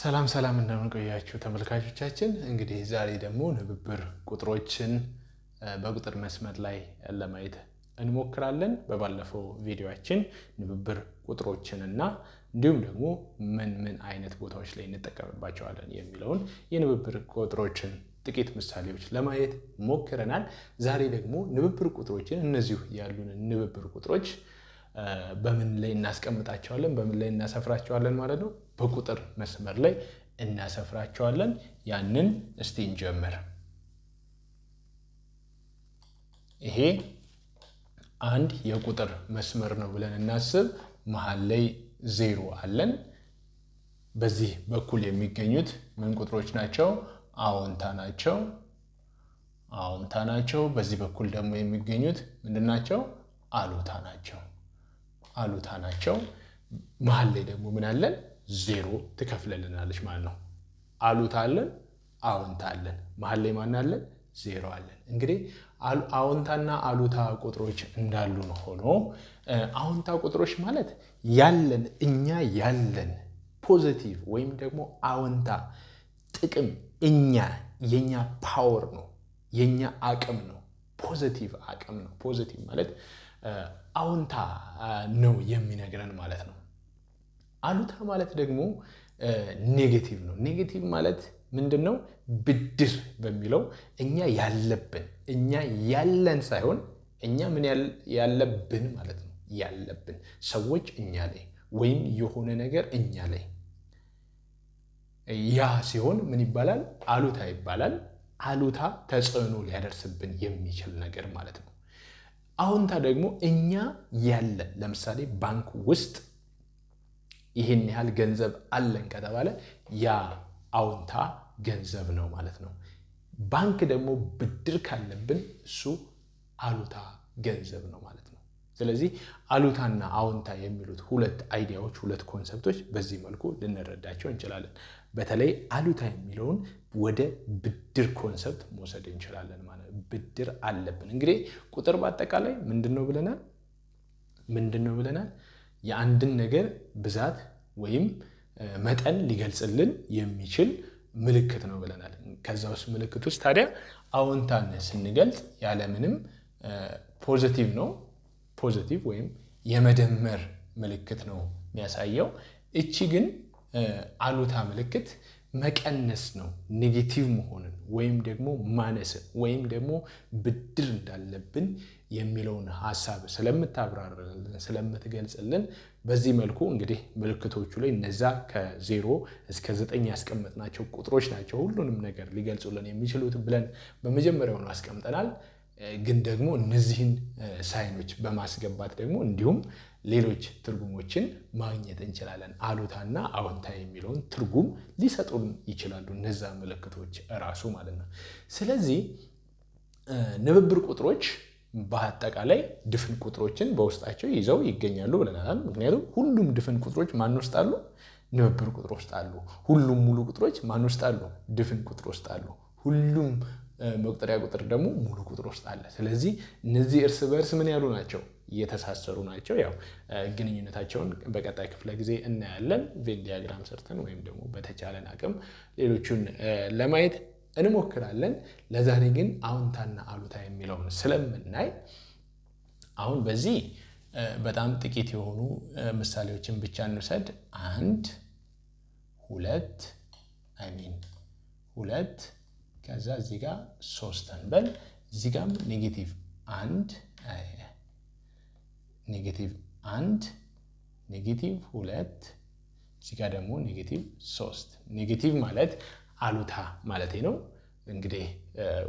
ሰላም ሰላም እንደምንቆያችሁ ተመልካቾቻችን። እንግዲህ ዛሬ ደግሞ ንብብር ቁጥሮችን በቁጥር መስመር ላይ ለማየት እንሞክራለን። በባለፈው ቪዲዮችን ንብብር ቁጥሮችን እና እንዲሁም ደግሞ ምን ምን አይነት ቦታዎች ላይ እንጠቀምባቸዋለን የሚለውን የንብብር ቁጥሮችን ጥቂት ምሳሌዎች ለማየት ሞክረናል። ዛሬ ደግሞ ንብብር ቁጥሮችን እነዚሁ ያሉን ንብብር ቁጥሮች በምን ላይ እናስቀምጣቸዋለን? በምን ላይ እናሰፍራቸዋለን ማለት ነው። በቁጥር መስመር ላይ እናሰፍራቸዋለን። ያንን እስቲ እንጀምር። ይሄ አንድ የቁጥር መስመር ነው ብለን እናስብ። መሀል ላይ ዜሮ አለን። በዚህ በኩል የሚገኙት ምን ቁጥሮች ናቸው? አዎንታ ናቸው። አዎንታ ናቸው። በዚህ በኩል ደግሞ የሚገኙት ምንድን ናቸው? አሉታ ናቸው። አሉታ ናቸው። መሀል ላይ ደግሞ ምን አለን? ዜሮ ትከፍለልናለች ማለት ነው። አሉታ አለን፣ አዎንታ አለን። መሀል ላይ ማን አለን? ዜሮ አለን። እንግዲህ አዎንታና አሉታ ቁጥሮች እንዳሉ ነው ሆኖ አዎንታ ቁጥሮች ማለት ያለን እኛ ያለን ፖዘቲቭ ወይም ደግሞ አዎንታ ጥቅም እኛ የኛ ፓወር ነው የኛ አቅም ነው ፖዘቲቭ አቅም ነው ፖዘቲቭ ማለት አዎንታ ነው የሚነግረን ማለት ነው። አሉታ ማለት ደግሞ ኔጌቲቭ ነው። ኔጌቲቭ ማለት ምንድን ነው? ብድር በሚለው እኛ ያለብን እኛ ያለን ሳይሆን እኛ ምን ያለብን ማለት ነው። ያለብን ሰዎች እኛ ላይ ወይም የሆነ ነገር እኛ ላይ ያ ሲሆን ምን ይባላል? አሉታ ይባላል። አሉታ ተጽዕኖ ሊያደርስብን የሚችል ነገር ማለት ነው። አሁንታ ደግሞ እኛ ያለ ለምሳሌ ባንክ ውስጥ ይህን ያህል ገንዘብ አለን ከተባለ ያ አውንታ ገንዘብ ነው ማለት ነው። ባንክ ደግሞ ብድር ካለብን እሱ አሉታ ገንዘብ ነው ማለት ነው። ስለዚህ አሉታና አውንታ የሚሉት ሁለት አይዲያዎች፣ ሁለት ኮንሰፕቶች በዚህ መልኩ ልንረዳቸው እንችላለን። በተለይ አሉታ የሚለውን ወደ ብድር ኮንሰፕት መውሰድ እንችላለን ማለት ነው። ብድር አለብን። እንግዲህ ቁጥር በአጠቃላይ ምንድን ነው ብለናል? ምንድን ነው ብለናል? የአንድን ነገር ብዛት ወይም መጠን ሊገልጽልን የሚችል ምልክት ነው ብለናል። ከዛ ውስጥ ምልክት ውስጥ ታዲያ አዎንታን ስንገልጽ ያለምንም ፖዘቲቭ ነው። ፖዘቲቭ ወይም የመደመር ምልክት ነው የሚያሳየው። እቺ ግን አሉታ ምልክት መቀነስ ነው፣ ኔጌቲቭ መሆንን ወይም ደግሞ ማነስን ወይም ደግሞ ብድር እንዳለብን የሚለውን ሀሳብ ስለምታብራርልን ስለምትገልጽልን በዚህ መልኩ እንግዲህ ምልክቶቹ ላይ እነዛ ከዜሮ እስከ ዘጠኝ ያስቀመጥናቸው ቁጥሮች ናቸው ሁሉንም ነገር ሊገልጹልን የሚችሉት ብለን በመጀመሪያውኑ አስቀምጠናል። ግን ደግሞ እነዚህን ሳይኖች በማስገባት ደግሞ እንዲሁም ሌሎች ትርጉሞችን ማግኘት እንችላለን። አሉታና አዎንታ የሚለውን ትርጉም ሊሰጡን ይችላሉ እነዛ ምልክቶች እራሱ ማለት ነው። ስለዚህ ንብብር ቁጥሮች በአጠቃላይ ድፍን ቁጥሮችን በውስጣቸው ይዘው ይገኛሉ ብለናል። ምክንያቱም ሁሉም ድፍን ቁጥሮች ማን ውስጥ አሉ? ንብብር ቁጥር ውስጥ አሉ። ሁሉም ሙሉ ቁጥሮች ማን ውስጥ አሉ? ድፍን ቁጥር ውስጥ አሉ። ሁሉም መቁጠሪያ ቁጥር ደግሞ ሙሉ ቁጥር ውስጥ አለ። ስለዚህ እነዚህ እርስ በእርስ ምን ያሉ ናቸው? የተሳሰሩ ናቸው። ያው ግንኙነታቸውን በቀጣይ ክፍለ ጊዜ እናያለን። ቬን ዲያግራም ሰርተን ወይም ደግሞ በተቻለን አቅም ሌሎቹን ለማየት እንሞክራለን። ለዛሬ ግን አዎንታና አሉታ የሚለውን ስለምናይ አሁን በዚህ በጣም ጥቂት የሆኑ ምሳሌዎችን ብቻ እንውሰድ። አንድ ሁለት አሚን ሁለት ከዛ እዚህ ሶስት እንበል። እዚህ ጋም ኔጌቲቭ አንድ ኔጌቲቭ አንድ ኔጌቲቭ ሁለት እዚህ ጋር ደግሞ ኔጌቲቭ ሶስት ኔጌቲቭ ማለት አሉታ ማለት ነው። እንግዲህ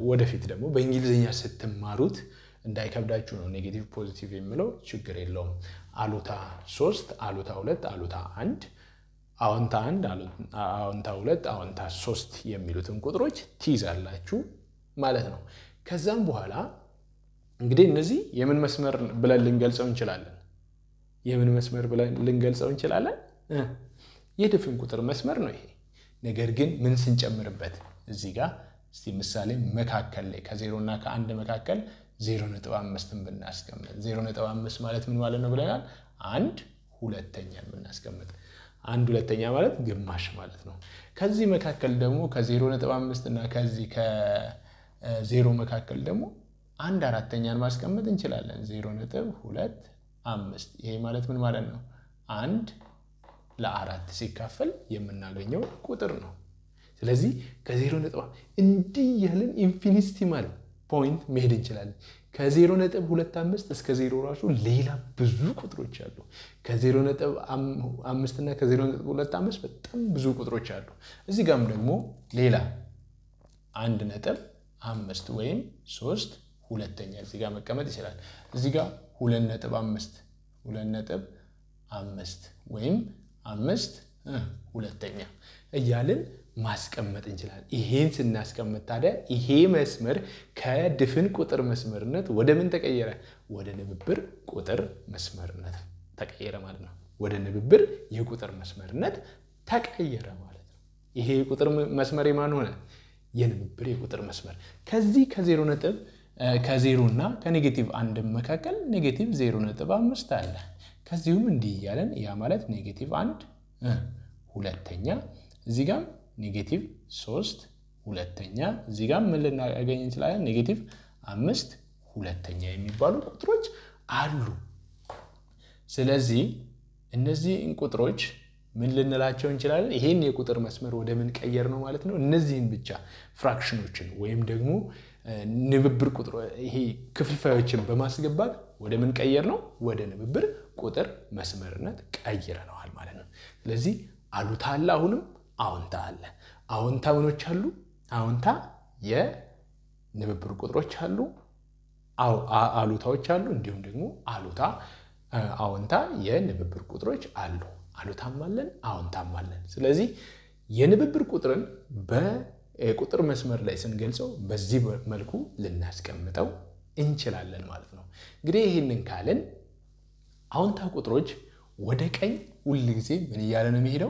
ወደፊት ደግሞ በእንግሊዝኛ ስትማሩት እንዳይከብዳችሁ ነው ኔጌቲቭ ፖዚቲቭ የሚለው ችግር የለውም። አሉታ ሶስት አሉታ ሁለት አሉታ አንድ አዎንታ አንድ አዎንታ ሁለት አዎንታ ሶስት የሚሉትን ቁጥሮች ትይዛላችሁ ማለት ነው። ከዛም በኋላ እንግዲህ እነዚህ የምን መስመር ብለን ልንገልጸው እንችላለን? የምን መስመር ብለን ልንገልጸው እንችላለን? የድፍን ቁጥር መስመር ነው ይሄ። ነገር ግን ምን ስንጨምርበት እዚህ ጋር እስቲ ምሳሌ መካከል ላይ ከዜሮ እና ከአንድ መካከል ዜሮ ነጥብ አምስትን ብናስቀምጥ ዜሮ ነጥብ አምስት ማለት ምን ማለት ነው ብለናል? አንድ ሁለተኛን ብናስቀምጥ አንድ ሁለተኛ ማለት ግማሽ ማለት ነው። ከዚህ መካከል ደግሞ ከ0.5 እና ከዚህ ከ0 መካከል ደግሞ አንድ አራተኛን ማስቀመጥ እንችላለን። 0.25 ይሄ ማለት ምን ማለት ነው? አንድ ለአራት ሲካፈል የምናገኘው ቁጥር ነው። ስለዚህ ከዜሮ ነጥብ እንዲህ ያህልን ኢንፊኒቲሲማል ፖይንት መሄድ እንችላለን። ከ ነጥብ ሁለት አምስት እስከ 0 ራሱ ሌላ ብዙ ቁጥሮች አሉ። ከ ነጥብ እና ከ ነጥብ በጣም ብዙ ቁጥሮች አሉ። እዚህ ጋም ደግሞ ሌላ አንድ ነጥብ አምስት ወይም ሶስት ሁለተኛ እዚህ ጋር መቀመጥ ይችላል። እዚህ ጋር ሁለት ነጥብ አምስት ሁለት ነጥብ አምስት ወይም አምስት ሁለተኛ እያልን ማስቀመጥ እንችላለን። ይሄን ስናስቀምጥ ታዲያ ይሄ መስመር ከድፍን ቁጥር መስመርነት ወደ ምን ተቀየረ? ወደ ንብብር ቁጥር መስመርነት ተቀየረ ማለት ነው። ወደ ንብብር የቁጥር መስመርነት ተቀየረ ማለት ነው። ይሄ የቁጥር መስመር የማን ሆነ? የንብብር የቁጥር መስመር። ከዚህ ከዜሮ ነጥብ ከዜሮ እና ከኔጌቲቭ አንድ መካከል ኔጌቲቭ ዜሮ ነጥብ አምስት አለ። ከዚሁም እንዲህ እያለን ያ ማለት ኔጌቲቭ አንድ ሁለተኛ እዚህ ጋም ኔጌቲቭ ሶስት ሁለተኛ እዚህ ጋር ምን ልናገኝ እንችላለን? ኔጌቲቭ አምስት ሁለተኛ የሚባሉ ቁጥሮች አሉ። ስለዚህ እነዚህን ቁጥሮች ምን ልንላቸው እንችላለን? ይሄን የቁጥር መስመር ወደ ምን ቀየር ነው ማለት ነው። እነዚህን ብቻ ፍራክሽኖችን ወይም ደግሞ ንብብር ይሄ ክፍልፋዮችን በማስገባት ወደ ምን ቀየር ነው? ወደ ንብብር ቁጥር መስመርነት ቀይረነዋል ማለት ነው። ስለዚህ አሉታለ አሁንም አዎንታ አለ። አዎንታ ምኖች አሉ? አዎንታ የንብብር ቁጥሮች አሉ፣ አሉታዎች አሉ፣ እንዲሁም ደግሞ አሉታ አዎንታ የንብብር ቁጥሮች አሉ። አሉታም አለን፣ አዎንታም አለን። ስለዚህ የንብብር ቁጥርን በቁጥር መስመር ላይ ስንገልጸው በዚህ መልኩ ልናስቀምጠው እንችላለን ማለት ነው። እንግዲህ ይህንን ካልን አዎንታ ቁጥሮች ወደ ቀኝ ጊዜ ምን እያለ ነው የሚሄደው?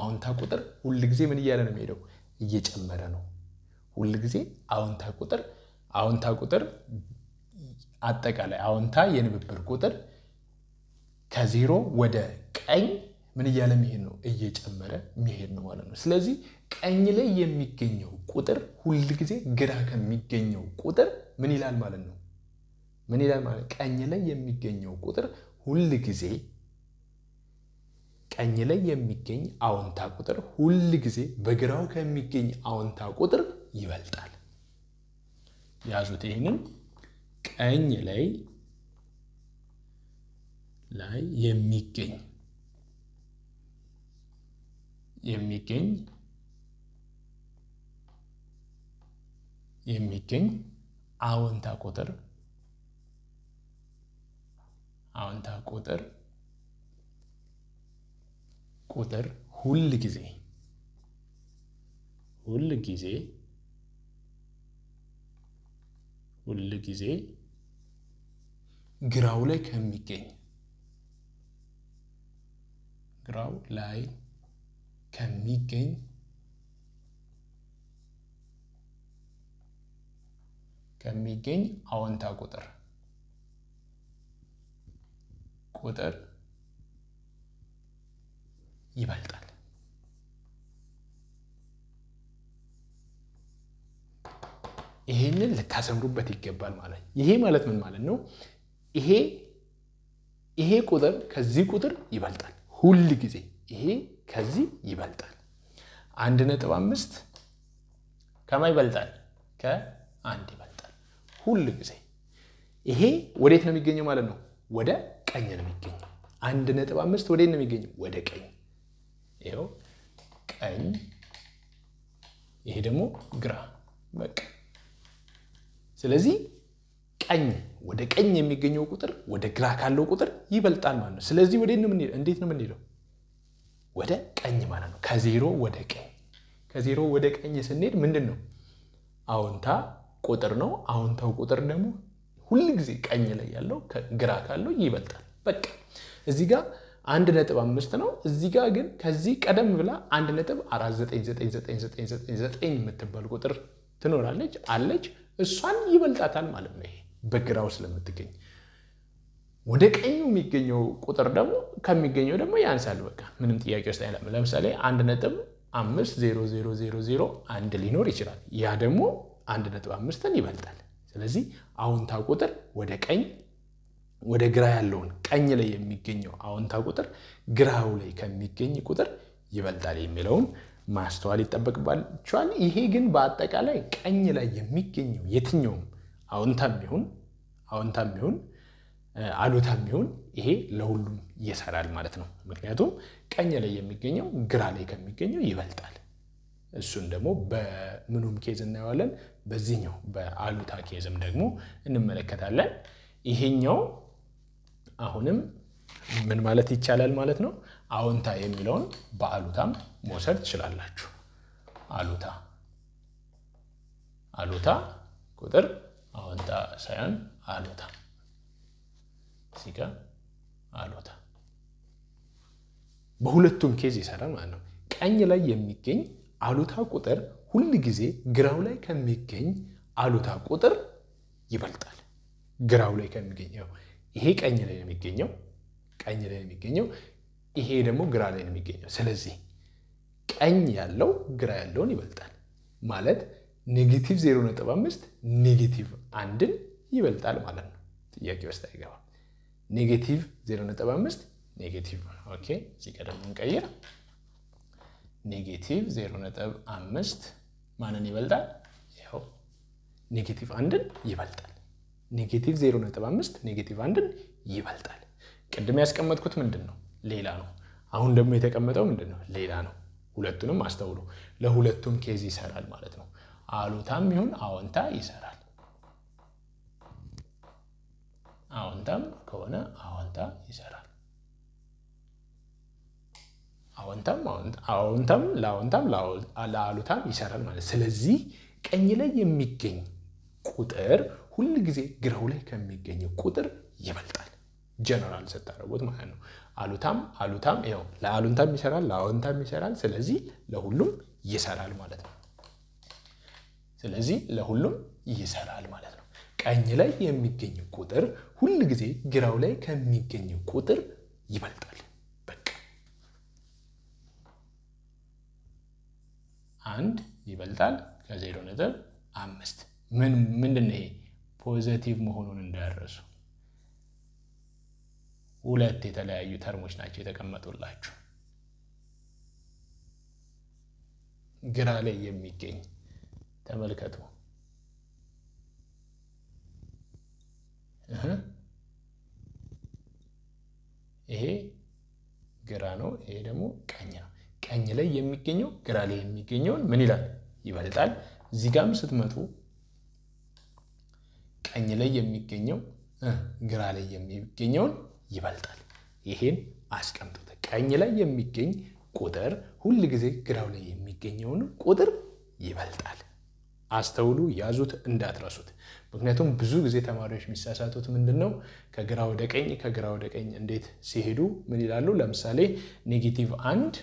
አዎንታ ቁጥር ሁልጊዜ ምን እያለ ነው የሚሄደው? እየጨመረ ነው። ሁልጊዜ አዎንታ ቁጥር አዎንታ ቁጥር አጠቃላይ አዎንታ የንብብር ቁጥር ከዜሮ ወደ ቀኝ ምን እያለ መሄድ ነው? እየጨመረ መሄድ ነው ማለት ነው። ስለዚህ ቀኝ ላይ የሚገኘው ቁጥር ጊዜ ግራ ከሚገኘው ቁጥር ምን ይላል ማለት ነው? ምን ይላል ማለት ቀኝ ላይ የሚገኘው ቁጥር ጊዜ? ቀኝ ላይ የሚገኝ አዎንታ ቁጥር ሁል ጊዜ በግራው ከሚገኝ አዎንታ ቁጥር ይበልጣል። ያዙት ይህንን። ቀኝ ላይ ላይ የሚገኝ የሚገኝ የሚገኝ አዎንታ ቁጥር አዎንታ ቁጥር ቁጥር ሁል ጊዜ ሁል ጊዜ ሁል ጊዜ ግራው ላይ ከሚገኝ ግራው ላይ ከሚገኝ ከሚገኝ አዎንታ ቁጥር ቁጥር ይበልጣል። ይሄንን ልታሰምሩበት ይገባል ማለት ይሄ ማለት ምን ማለት ነው? ይሄ ይሄ ቁጥር ከዚህ ቁጥር ይበልጣል። ሁል ጊዜ ይሄ ከዚህ ይበልጣል። አንድ ነጥብ አምስት ከማ ይበልጣል? ከአንድ ይበልጣል። ሁል ጊዜ ይሄ ወዴት ነው የሚገኘው ማለት ነው? ወደ ቀኝ ነው የሚገኘው። አንድ ነጥብ አምስት ወዴት ነው የሚገኘው? ወደ ቀኝ ይኸው ቀኝ፣ ይሄ ደግሞ ግራ። በቃ ስለዚህ ቀኝ ወደ ቀኝ የሚገኘው ቁጥር ወደ ግራ ካለው ቁጥር ይበልጣል ማለት ነው። ስለዚህ ወደ እንዴት ነው የምንሄደው? ወደ ቀኝ ማለት ነው። ከዜሮ ወደ ቀኝ ከዜሮ ወደ ቀኝ ስንሄድ ምንድን ነው? አዎንታ ቁጥር ነው። አዎንታው ቁጥር ደግሞ ሁልጊዜ ቀኝ ላይ ያለው ግራ ካለው ይበልጣል። በቃ እዚህ ጋር አንድ ነጥብ አምስት ነው። እዚህ ጋር ግን ከዚህ ቀደም ብላ አንድ ነጥብ አራት ዘጠኝ ዘጠኝ ዘጠኝ ዘጠኝ ዘጠኝ ዘጠኝ የምትባል ቁጥር ትኖራለች አለች። እሷን ይበልጣታል ማለት ነው። ይሄ በግራው ስለምትገኝ ወደ ቀኙ የሚገኘው ቁጥር ደግሞ ከሚገኘው ደግሞ ያንሳል። በቃ ምንም ጥያቄ ውስጥ አይለም። ለምሳሌ አንድ ነጥብ አምስት ዜሮ ዜሮ ዜሮ ዜሮ አንድ ሊኖር ይችላል። ያ ደግሞ አንድ ነጥብ አምስትን ይበልጣል። ስለዚህ አዎንታ ቁጥር ወደ ቀኝ ወደ ግራ ያለውን ቀኝ ላይ የሚገኘው አዎንታ ቁጥር ግራው ላይ ከሚገኝ ቁጥር ይበልጣል የሚለውን ማስተዋል ይጠበቅባቸዋል። ይሄ ግን በአጠቃላይ ቀኝ ላይ የሚገኘው የትኛውም አዎንታም ይሁን አዎንታም ይሁን አሉታም ይሁን ይሄ ለሁሉም ይሰራል ማለት ነው። ምክንያቱም ቀኝ ላይ የሚገኘው ግራ ላይ ከሚገኘው ይበልጣል። እሱን ደግሞ በምኑም ኬዝ እናየዋለን። በዚህኛው በአሉታ ኬዝም ደግሞ እንመለከታለን። ይሄኛው አሁንም ምን ማለት ይቻላል ማለት ነው። አዎንታ የሚለውን በአሉታም መውሰድ ትችላላችሁ። አሉታ አሉታ ቁጥር አዎንታ ሳይሆን አሉታ ሲጋ አሉታ በሁለቱም ኬዝ ይሰራ ማለት ነው። ቀኝ ላይ የሚገኝ አሉታ ቁጥር ሁል ጊዜ ግራው ላይ ከሚገኝ አሉታ ቁጥር ይበልጣል። ግራው ላይ ከሚገኝ ይሄ ቀኝ ላይ ነው የሚገኘው፣ ቀኝ ላይ ነው የሚገኘው። ይሄ ደግሞ ግራ ላይ ነው የሚገኘው። ስለዚህ ቀኝ ያለው ግራ ያለውን ይበልጣል ማለት ኔጌቲቭ 0.5 ኔጌቲቭ አንድን ይበልጣል ማለት ነው። ጥያቄ ውስጥ አይገባም። ኔጌቲቭ 0.5 ኔጌቲቭ ኦኬ። እዚህ ጋር ደግሞ እንቀይር። ኔጌቲቭ 0.5 ማንን ይበልጣል? ይኸው ኔጌቲቭ አንድን ይበልጣል። ኔጌቲቭ 0.5 ኔጌቲቭ አንድን ይበልጣል። ቅድም ያስቀመጥኩት ምንድን ነው? ሌላ ነው። አሁን ደግሞ የተቀመጠው ምንድን ነው? ሌላ ነው። ሁለቱንም አስተውሉ። ለሁለቱም ኬዝ ይሰራል ማለት ነው። አሉታም ይሁን አዎንታ ይሰራል። አዎንታም ከሆነ አዎንታ ይሰራል። አዎንታም አዎንታም ለአዎንታም ለአሉታም ይሰራል ማለት ስለዚህ ቀኝ ላይ የሚገኝ ቁጥር ሁል ጊዜ ግራው ላይ ከሚገኘው ቁጥር ይበልጣል። ጀነራል ስታደርጉት ማለት ነው። አሉታም አሉታም ያው ለአሉንታም ይሰራል፣ ለአዎንታም ይሰራል። ስለዚህ ለሁሉም ይሰራል ማለት ነው። ስለዚህ ለሁሉም ይሰራል ማለት ነው። ቀኝ ላይ የሚገኘው ቁጥር ሁል ጊዜ ግራው ላይ ከሚገኘው ቁጥር ይበልጣል። በቃ አንድ ይበልጣል ከዜሮ ነጥብ አምስት ምን ምንድን ነው ይሄ? ፖዘቲቭ መሆኑን እንዳረሱ። ሁለት የተለያዩ ተርሞች ናቸው የተቀመጡላችሁ። ግራ ላይ የሚገኝ ተመልከቱ። ይሄ ግራ ነው። ይሄ ደግሞ ቀኝ ነው። ቀኝ ላይ የሚገኘው ግራ ላይ የሚገኘውን ምን ይላል? ይበልጣል። እዚህ ጋም ስትመጡ ቀኝ ላይ የሚገኘው ግራ ላይ የሚገኘውን ይበልጣል። ይሄን አስቀምጡት። ቀኝ ላይ የሚገኝ ቁጥር ሁል ጊዜ ግራው ላይ የሚገኘውን ቁጥር ይበልጣል። አስተውሉ፣ ያዙት፣ እንዳትረሱት። ምክንያቱም ብዙ ጊዜ ተማሪዎች የሚሳሳቱት ምንድን ነው? ከግራ ወደ ቀኝ ከግራ ወደ ቀኝ እንዴት ሲሄዱ ምን ይላሉ? ለምሳሌ ኔጌቲቭ አንድ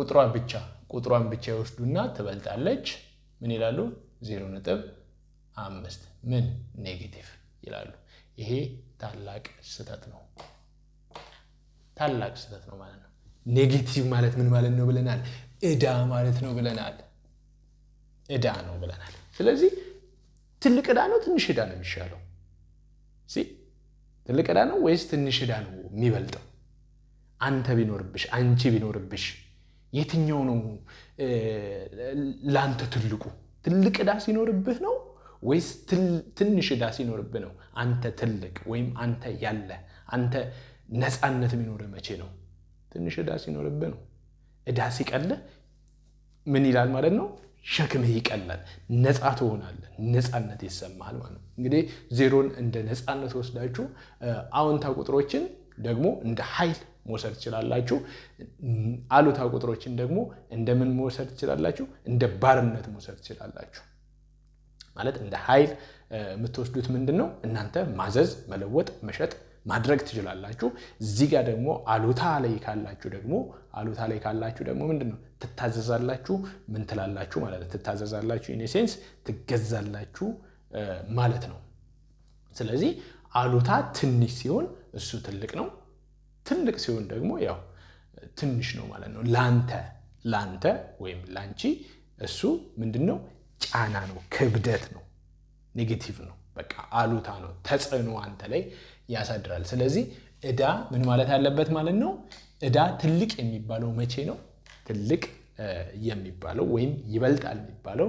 ቁጥሯ ብቻ ቁጥሯን ብቻ ይወስዱና ትበልጣለች። ምን ይላሉ? ዜሮ ነጥብ አምስት ምን ኔጌቲቭ ይላሉ። ይሄ ታላቅ ስህተት ነው። ታላቅ ስህተት ነው ማለት ነው። ኔጌቲቭ ማለት ምን ማለት ነው ብለናል? እዳ ማለት ነው ብለናል። እዳ ነው ብለናል። ስለዚህ ትልቅ እዳ ነው ትንሽ እዳ ነው የሚሻለው? ሲ ትልቅ እዳ ነው ወይስ ትንሽ እዳ ነው የሚበልጠው? አንተ ቢኖርብሽ አንቺ ቢኖርብሽ የትኛው ነው ለአንተ ትልቁ? ትልቅ እዳ ሲኖርብህ ነው ወይስ ትንሽ እዳ ሲኖርብህ ነው አንተ ትልቅ ወይም አንተ ያለ አንተ ነፃነት የሚኖር መቼ ነው? ትንሽ እዳ ሲኖርብህ ነው። ዕዳ ሲቀልህ ምን ይላል ማለት ነው? ሸክምህ ይቀላል፣ ነፃ ትሆናለ ነፃነት ይሰማል ማለት ነው። እንግዲህ ዜሮን እንደ ነፃነት ወስዳችሁ አዎንታ ቁጥሮችን ደግሞ እንደ ኃይል መውሰድ ትችላላችሁ። አሉታ ቁጥሮችን ደግሞ እንደምን መውሰድ ትችላላችሁ? እንደ ባርነት መውሰድ ትችላላችሁ። ማለት እንደ ኃይል የምትወስዱት ምንድን ነው? እናንተ ማዘዝ፣ መለወጥ፣ መሸጥ ማድረግ ትችላላችሁ። እዚህ ጋር ደግሞ አሉታ ላይ ካላችሁ ደግሞ አሉታ ላይ ካላችሁ ደግሞ ምንድን ነው ትታዘዛላችሁ፣ ምን ትላላችሁ ማለት ነው። ትታዘዛላችሁ ኢኔሴንስ ትገዛላችሁ ማለት ነው። ስለዚህ አሉታ ትንሽ ሲሆን እሱ ትልቅ ነው። ትልቅ ሲሆን ደግሞ ያው ትንሽ ነው ማለት ነው። ላንተ ላንተ ወይም ላንቺ እሱ ምንድን ነው ጫና ነው፣ ክብደት ነው፣ ኔጌቲቭ ነው፣ በቃ አሉታ ነው፣ ተጽዕኖ አንተ ላይ ያሳድራል። ስለዚህ እዳ ምን ማለት አለበት ማለት ነው። እዳ ትልቅ የሚባለው መቼ ነው? ትልቅ የሚባለው ወይም ይበልጣል የሚባለው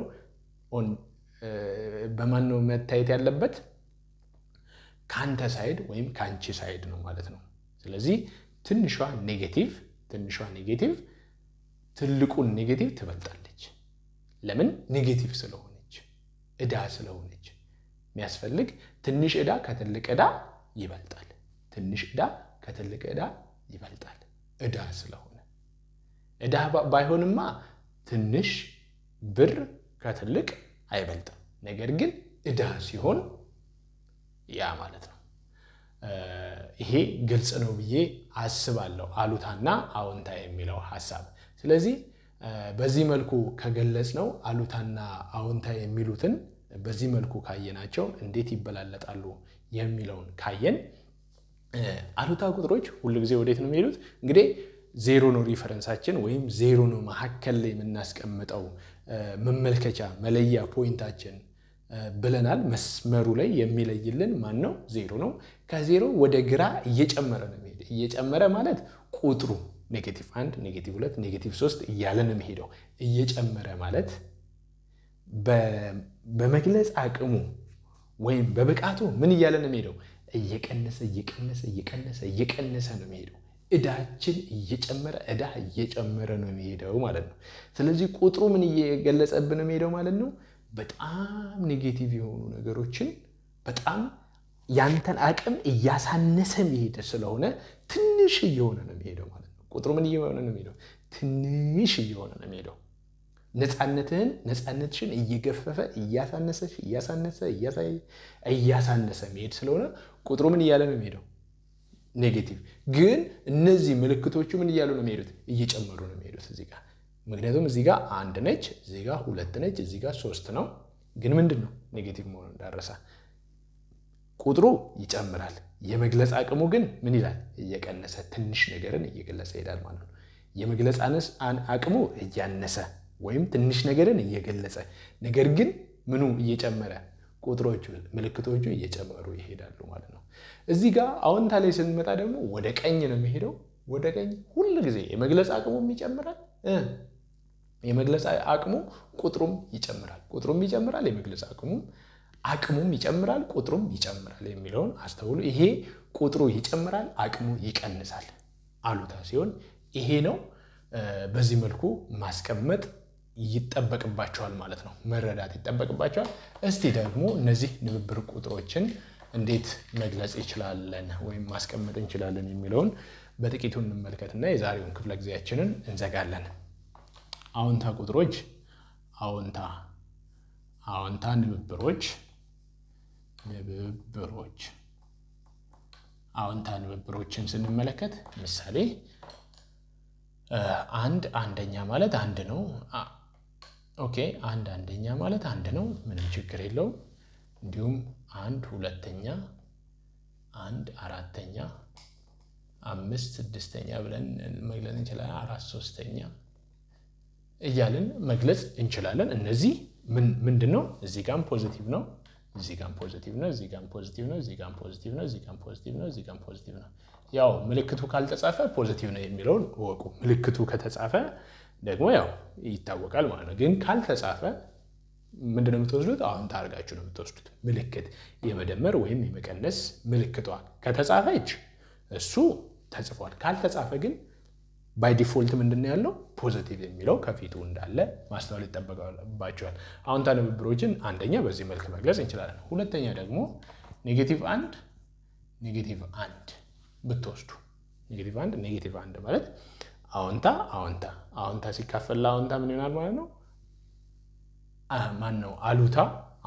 በማን ነው መታየት ያለበት? ከአንተ ሳይድ ወይም ከአንቺ ሳይድ ነው ማለት ነው። ስለዚህ ትንሿ ኔጌቲቭ ትንሿ ኔጌቲቭ ትልቁን ኔጌቲቭ ትበልጣለች። ለምን? ኔጌቲቭ ስለሆነች እዳ ስለሆነች የሚያስፈልግ ትንሽ እዳ ከትልቅ እዳ ይበልጣል። ትንሽ እዳ ከትልቅ እዳ ይበልጣል። እዳ ስለሆነ እዳ ባይሆንማ ትንሽ ብር ከትልቅ አይበልጥም። ነገር ግን እዳ ሲሆን ያ ማለት ነው። ይሄ ግልጽ ነው ብዬ አስባለሁ። አሉታና አዎንታ የሚለው ሀሳብ ስለዚህ በዚህ መልኩ ከገለጽ ነው አሉታና አዎንታ የሚሉትን በዚህ መልኩ ካየናቸው እንዴት ይበላለጣሉ የሚለውን ካየን አሉታ ቁጥሮች ሁሉ ጊዜ ወዴት ነው የሚሄዱት? እንግዲህ ዜሮ ነው ሪፈረንሳችን ወይም ዜሮ ነው መሀከል ላይ የምናስቀምጠው መመልከቻ መለያ ፖይንታችን ብለናል። መስመሩ ላይ የሚለይልን ማን ነው? ዜሮ ነው። ከዜሮ ወደ ግራ እየጨመረ ነው እየጨመረ ማለት ቁጥሩ ኔጌቲቭ አንድ ኔጌቲቭ ሁለት ኔጌቲቭ ሶስት እያለን የሚሄደው እየጨመረ ማለት በመግለጽ አቅሙ ወይም በብቃቱ ምን እያለ ነው የሚሄደው? እየቀነሰ እየቀነሰ እየቀነሰ እየቀነሰ ነው የሚሄደው። እዳችን እየጨመረ እዳ እየጨመረ ነው የሚሄደው ማለት ነው። ስለዚህ ቁጥሩ ምን እየገለጸብን የሚሄደው ማለት ነው። በጣም ኔጌቲቭ የሆኑ ነገሮችን በጣም ያንተን አቅም እያሳነሰ መሄድ ስለሆነ ትንሽ እየሆነ ነው የሚሄደው። ቁጥሩ ምን እየሆነ ነው የሚሄደው? ትንሽ እየሆነ ነው የሚሄደው። ነፃነትህን ነፃነትሽን እየገፈፈ እያሳነሰች እያሳነሰ እያሳነሰ መሄድ ስለሆነ ቁጥሩ ምን እያለ ነው የሚሄደው? ኔጌቲቭ። ግን እነዚህ ምልክቶቹ ምን እያሉ ነው የሚሄዱት? እየጨመሩ ነው የሚሄዱት እዚህ ጋር። ምክንያቱም እዚህ ጋር አንድ ነች፣ እዚህ ጋር ሁለት ነች፣ እዚህ ጋር ሶስት ነው። ግን ምንድን ነው ኔጌቲቭ መሆኑ እንዳረሳ ቁጥሩ ይጨምራል። የመግለጽ አቅሙ ግን ምን ይላል? እየቀነሰ ትንሽ ነገርን እየገለጸ ይሄዳል ማለት ነው። የመግለጽ አነስ አቅሙ እያነሰ ወይም ትንሽ ነገርን እየገለጸ ነገር ግን ምኑ እየጨመረ ቁጥሮቹ፣ ምልክቶቹ እየጨመሩ ይሄዳሉ ማለት ነው። እዚህ ጋር አዎንታ ላይ ስንመጣ ደግሞ ወደ ቀኝ ነው የሚሄደው። ወደ ቀኝ ሁል ጊዜ የመግለጽ አቅሙም ይጨምራል የመግለጽ አቅሙ ቁጥሩም ይጨምራል። ቁጥሩም ይጨምራል፣ የመግለጽ አቅሙም አቅሙም ይጨምራል፣ ቁጥሩም ይጨምራል የሚለውን አስተውሉ። ይሄ ቁጥሩ ይጨምራል፣ አቅሙ ይቀንሳል አሉታ ሲሆን ይሄ ነው። በዚህ መልኩ ማስቀመጥ ይጠበቅባቸዋል ማለት ነው፣ መረዳት ይጠበቅባቸዋል። እስቲ ደግሞ እነዚህ ንብብር ቁጥሮችን እንዴት መግለጽ ይችላለን ወይም ማስቀመጥ እንችላለን የሚለውን በጥቂቱ እንመልከትና የዛሬውን ክፍለ ጊዜያችንን እንዘጋለን። አዎንታ ቁጥሮች፣ አዎንታ አዎንታ ንብብሮች ንብብሮች አዎንታ ንብብሮችን ስንመለከት ምሳሌ አንድ አንደኛ ማለት አንድ ነው። ኦኬ አንድ አንደኛ ማለት አንድ ነው፣ ምንም ችግር የለው። እንዲሁም አንድ ሁለተኛ፣ አንድ አራተኛ፣ አምስት ስድስተኛ ብለን መግለጽ እንችላለን። አራት ሶስተኛ እያልን መግለጽ እንችላለን። እነዚህ ምንድን ነው? እዚህ ጋም ፖዚቲቭ ነው። እዚህ ጋም ፖዚቲቭ ነው፣ እዚህ ጋም ፖዚቲቭ ነው፣ እዚህ ጋም ፖዚቲቭ ነው፣ እዚህ ጋም ፖዚቲቭ ነው፣ እዚህ ጋም ፖዚቲቭ ነው። ያው ምልክቱ ካልተጻፈ ፖዚቲቭ ነው የሚለውን እወቁ። ምልክቱ ከተጻፈ ደግሞ ያው ይታወቃል ማለት ነው። ግን ካልተጻፈ ምንድነው ነው የምትወስዱት? አሁን ታርጋችሁ ነው የምትወስዱት። ምልክት የመደመር ወይም የመቀነስ ምልክቷ ከተጻፈች እሱ ተጽፏል። ካልተጻፈ ግን ባይ ዲፎልት ምንድን ያለው ፖዘቲቭ የሚለው ከፊቱ እንዳለ ማስተዋል ይጠበቅባቸዋል። አዎንታ ንብብሮችን አንደኛ በዚህ መልክ መግለጽ እንችላለን። ሁለተኛ ደግሞ ኔጌቲቭ አንድ ኔጌቲቭ አንድ ብትወስዱ ኔጌቲቭ አንድ ኔጌቲቭ አንድ ማለት አዎንታ አዎንታ አዎንታ ሲካፈል ለአዎንታ ምን ይሆናል ማለት ነው? ማን ነው አሉታ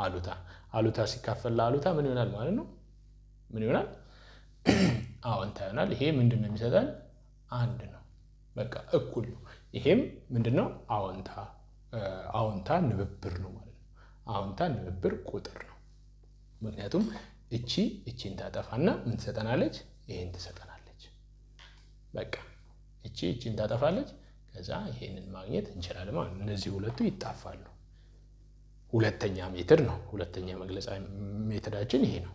አሉታ አሉታ ሲካፈል ለአሉታ ምን ይሆናል ማለት ነው? ምን ይሆናል? አዎንታ ይሆናል። ይሄ ምንድን ነው የሚሰጠን? አንድ ነው። በቃ እኩል ነው። ይሄም ምንድነው አዎንታ አዎንታ ንብብር ነው ማለት ነው። አዎንታ ንብብር ቁጥር ነው። ምክንያቱም እቺ እቺን ታጠፋና ምን ትሰጠናለች? ይሄን ትሰጠናለች። በቃ እቺ እቺን ታጠፋለች። ከዛ ይሄንን ማግኘት እንችላለን ማለት ነው። እነዚህ ሁለቱ ይጣፋሉ። ሁለተኛ ሜትር ነው። ሁለተኛ መግለጫ ሜትራችን ይሄ ነው።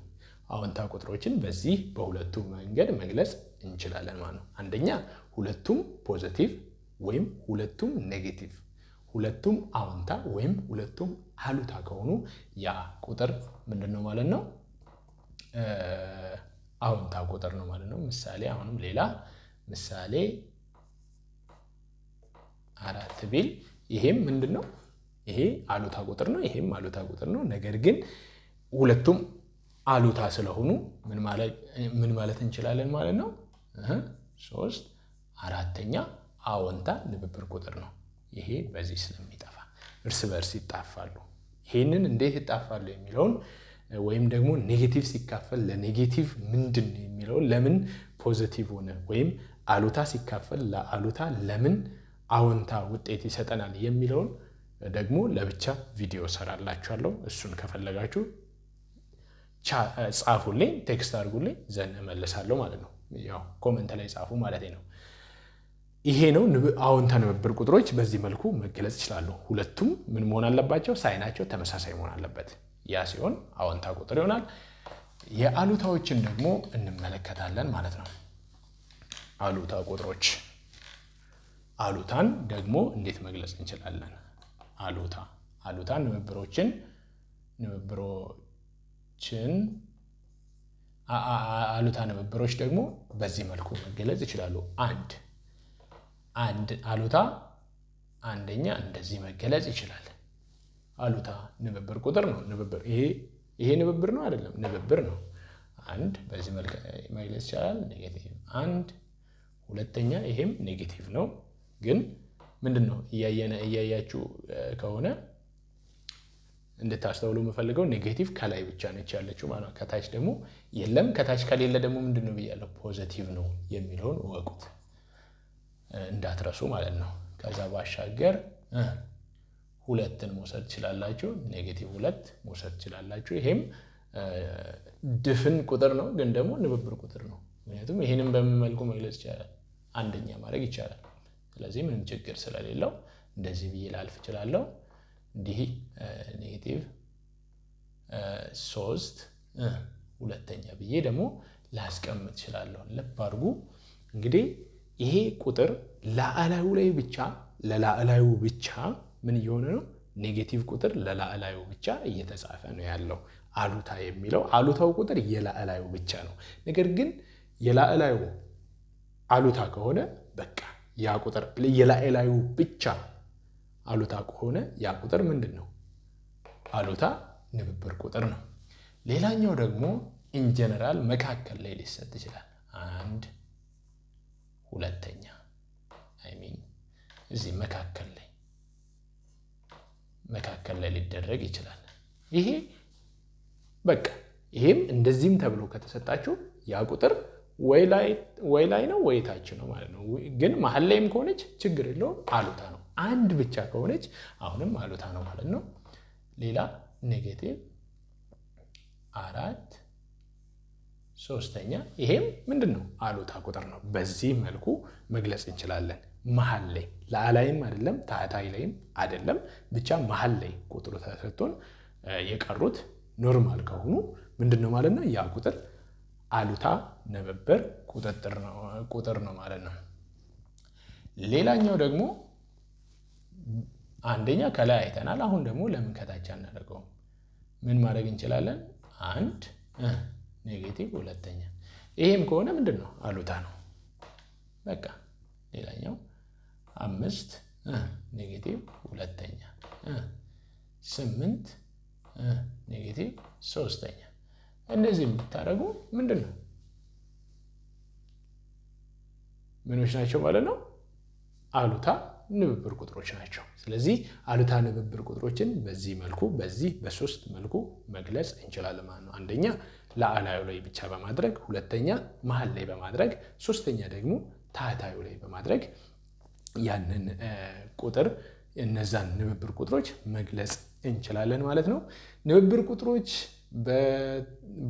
አዎንታ ቁጥሮችን በዚህ በሁለቱ መንገድ መግለጽ እንችላለን ማለት ነው። አንደኛ ሁለቱም ፖዘቲቭ ወይም ሁለቱም ኔጌቲቭ፣ ሁለቱም አዎንታ ወይም ሁለቱም አሉታ ከሆኑ ያ ቁጥር ምንድን ነው ማለት ነው? አዎንታ ቁጥር ነው ማለት ነው። ምሳሌ አሁንም ሌላ ምሳሌ አራት ቢል ይሄም ምንድን ነው? ይሄ አሉታ ቁጥር ነው። ይሄም አሉታ ቁጥር ነው። ነገር ግን ሁለቱም አሉታ ስለሆኑ ምን ማለት እንችላለን ማለት ነው ሶስት አራተኛ አዎንታ ንብብር ቁጥር ነው። ይሄ በዚህ ስለሚጠፋ እርስ በእርስ ይጣፋሉ። ይህንን እንዴት ይጣፋሉ የሚለውን ወይም ደግሞ ኔጌቲቭ ሲካፈል ለኔጌቲቭ ምንድን ነው የሚለውን ለምን ፖዘቲቭ ሆነ ወይም አሉታ ሲካፈል ለአሉታ ለምን አዎንታ ውጤት ይሰጠናል የሚለውን ደግሞ ለብቻ ቪዲዮ ሰራላችኋለሁ። እሱን ከፈለጋችሁ ጻፉልኝ፣ ቴክስት አድርጉልኝ ዘን እመልሳለሁ ማለት ነው። ያው ኮመንት ላይ ጻፉ ማለት ነው። ይሄ ነው አዎንታ ንብብር ቁጥሮች በዚህ መልኩ መገለጽ ይችላሉ። ሁለቱም ምን መሆን አለባቸው? ሳይናቸው ተመሳሳይ መሆን አለበት። ያ ሲሆን አዎንታ ቁጥር ይሆናል። የአሉታዎችን ደግሞ እንመለከታለን ማለት ነው። አሉታ ቁጥሮች አሉታን ደግሞ እንዴት መግለጽ እንችላለን? አሉታ አሉታ ንብብሮችን ንብብሮችን አሉታ ንብብሮች ደግሞ በዚህ መልኩ መገለጽ ይችላሉ። አንድ አንድ አሉታ አንደኛ እንደዚህ መገለጽ ይችላል። አሉታ ንብብር ቁጥር ነው። ንብብር ይሄ ይሄ ንብብር ነው አይደለም፣ ንብብር ነው። አንድ በዚህ መልክ መግለጽ ይቻላል። ኔጌቲቭ አንድ። ሁለተኛ ይሄም ኔጌቲቭ ነው፣ ግን ምንድን ነው እያየነ እያያችሁ ከሆነ እንድታስተውሉ የምፈልገው ኔጌቲቭ ከላይ ብቻ ነች ያለችው ማለት ነው። ከታች ደግሞ የለም። ከታች ከሌለ ደግሞ ምንድን ነው ብያለሁ? ፖዘቲቭ ነው የሚለውን እወቁት እንዳትረሱ ማለት ነው። ከዛ ባሻገር ሁለትን መውሰድ ትችላላችሁ። ኔጌቲቭ ሁለት መውሰድ ትችላላችሁ። ይሄም ድፍን ቁጥር ነው፣ ግን ደግሞ ንብብር ቁጥር ነው። ምክንያቱም ይህንም በምን መልኩ መግለጽ ይቻላል? አንደኛ ማድረግ ይቻላል። ስለዚህ ምንም ችግር ስለሌለው እንደዚህ ብዬ ላልፍ እችላለሁ። ዲሂ ኔጌቲቭ ሶስት ሁለተኛ ብዬ ደግሞ ላስቀምጥ እችላለሁ። ልብ አድርጉ እንግዲህ ይሄ ቁጥር ላዕላዩ ላይ ብቻ ለላዕላዩ ብቻ ምን እየሆነ ነው? ኔጌቲቭ ቁጥር ለላዕላዩ ብቻ እየተጻፈ ነው ያለው። አሉታ የሚለው አሉታው ቁጥር የላዕላዩ ብቻ ነው። ነገር ግን የላዕላዩ አሉታ ከሆነ በቃ ያ ቁጥር የላዕላዩ ብቻ አሉታ ከሆነ ያ ቁጥር ምንድን ነው? አሉታ ንብብር ቁጥር ነው። ሌላኛው ደግሞ ኢንጀነራል መካከል ላይ ሊሰጥ ይችላል። አንድ ሁለተኛ ሚን እዚህ መካከል ላይ መካከል ላይ ሊደረግ ይችላል። ይሄ በቃ ይሄም እንደዚህም ተብሎ ከተሰጣችሁ ያ ቁጥር ወይ ላይ ነው ወይ ታች ነው ማለት ነው። ግን መሀል ላይም ከሆነች ችግር የለውም አሉታ አንድ ብቻ ከሆነች አሁንም አሉታ ነው ማለት ነው። ሌላ ኔጌቲቭ አራት ሶስተኛ። ይሄም ምንድን ነው አሉታ ቁጥር ነው። በዚህ መልኩ መግለጽ እንችላለን። መሀል ላይ ላዕላይም አይደለም ታህታይ ላይም አይደለም፣ ብቻ መሀል ላይ ቁጥሩ ተሰጥቶን የቀሩት ኖርማል ከሆኑ ምንድን ነው ማለት ነው ያ ቁጥር አሉታ ነበበር ቁጥር ነው ማለት ነው። ሌላኛው ደግሞ አንደኛ ከላይ አይተናል። አሁን ደግሞ ለምን ከታች አናደርገውም? ምን ማድረግ እንችላለን? አንድ ኔጌቲቭ፣ ሁለተኛ ይሄም ከሆነ ምንድን ነው አሉታ ነው። በቃ ሌላኛው አምስት ኔጌቲቭ ሁለተኛ፣ ስምንት ኔጌቲቭ ሶስተኛ። እነዚህ የምታደርጉ ምንድን ነው ምኖች ናቸው ማለት ነው አሉታ ንብብር ቁጥሮች ናቸው። ስለዚህ አሉታ ንብብር ቁጥሮችን በዚህ መልኩ በዚህ በሶስት መልኩ መግለጽ እንችላለን ማለት ነው። አንደኛ ለአላዩ ላይ ብቻ በማድረግ ሁለተኛ መሀል ላይ በማድረግ ሶስተኛ ደግሞ ታህታዩ ላይ በማድረግ ያንን ቁጥር እነዛን ንብብር ቁጥሮች መግለጽ እንችላለን ማለት ነው። ንብብር ቁጥሮች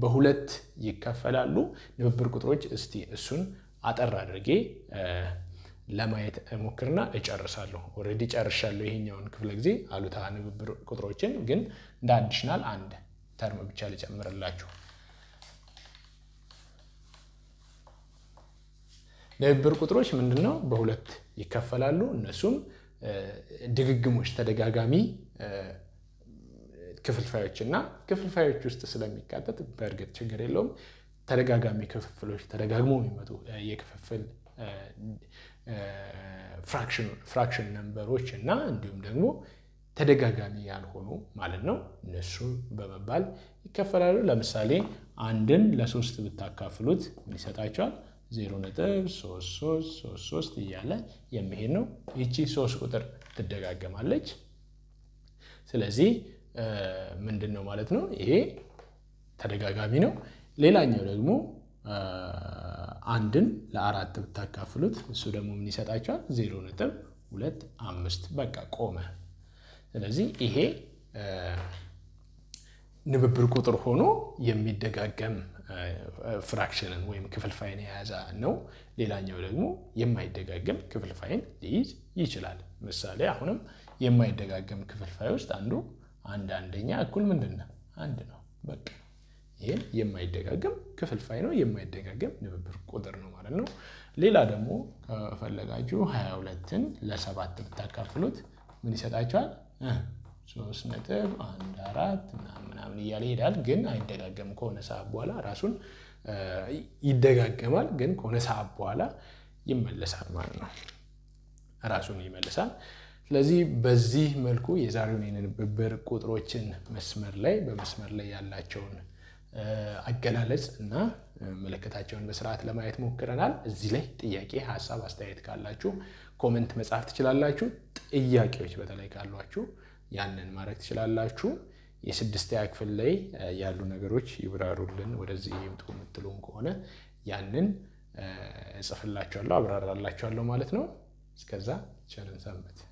በሁለት ይከፈላሉ። ንብብር ቁጥሮች እስቲ እሱን አጠር አድርጌ ለማየት እሞክርና እጨርሳለሁ። ኦልሬዲ ጨርሻለሁ ይሄኛውን ክፍለ ጊዜ አሉታ ንብብር ቁጥሮችን ግን እንደ አዲሽናል አንድ ተርም ብቻ ልጨምርላችሁ። ንብብር ቁጥሮች ምንድን ነው? በሁለት ይከፈላሉ። እነሱም ድግግሞች፣ ተደጋጋሚ ክፍልፋዮች እና ክፍልፋዮች ውስጥ ስለሚካተት በእርግጥ ችግር የለውም። ተደጋጋሚ ክፍፍሎች፣ ተደጋግሞ የሚመጡ የክፍፍል ፍራክሽን ነንበሮች እና እንዲሁም ደግሞ ተደጋጋሚ ያልሆኑ ማለት ነው እነሱ በመባል ይከፈላሉ። ለምሳሌ አንድን ለሶስት ብታካፍሉት ምን ይሰጣቸዋል? ዜሮ እያለ የሚሄድ ነው። ይቺ ሶስት ቁጥር ትደጋገማለች። ስለዚህ ምንድን ነው ማለት ነው ይሄ ተደጋጋሚ ነው። ሌላኛው ደግሞ አንድን ለአራት ብታካፍሉት እሱ ደግሞ ምን ይሰጣቸዋል? ዜሮ ነጥብ ሁለት አምስት በቃ ቆመ። ስለዚህ ይሄ ንብብር ቁጥር ሆኖ የሚደጋገም ፍራክሽንን ወይም ክፍልፋይን የያዘ ነው። ሌላኛው ደግሞ የማይደጋገም ክፍልፋይን ሊይዝ ይችላል። ምሳሌ አሁንም የማይደጋገም ክፍልፋይ ውስጥ አንዱ አንድ አንደኛ እኩል ምንድን ነው? አንድ ነው በቃ ይሄ የማይደጋገም ክፍልፋይ ነው፣ የማይደጋገም ንብብር ቁጥር ነው ማለት ነው። ሌላ ደግሞ ከፈለጋችሁ ሀያ ሁለትን ለሰባት ብታካፍሉት ምን ይሰጣቸዋል? ሶስት ነጥብ አንድ አራት ምናምን እያለ ይሄዳል። ግን አይደጋገም ከሆነ ሰዓት በኋላ ራሱን ይደጋገማል፣ ግን ከሆነ ሰዓት በኋላ ይመለሳል ማለት ነው። ራሱን ይመልሳል። ስለዚህ በዚህ መልኩ የዛሬውን የንብብር ቁጥሮችን መስመር ላይ በመስመር ላይ ያላቸውን አገላለጽ እና ምልክታቸውን በስርዓት ለማየት ሞክረናል። እዚህ ላይ ጥያቄ፣ ሀሳብ፣ አስተያየት ካላችሁ ኮመንት መጻፍ ትችላላችሁ። ጥያቄዎች በተለይ ካሏችሁ ያንን ማድረግ ትችላላችሁ። የስድስተኛ ክፍል ላይ ያሉ ነገሮች ይብራሩልን፣ ወደዚህ ይምጡ የምትሉን ከሆነ ያንን እጽፍላችኋለሁ፣ አብራራላችኋለሁ ማለት ነው። እስከዛ ቸርን ሰንበት።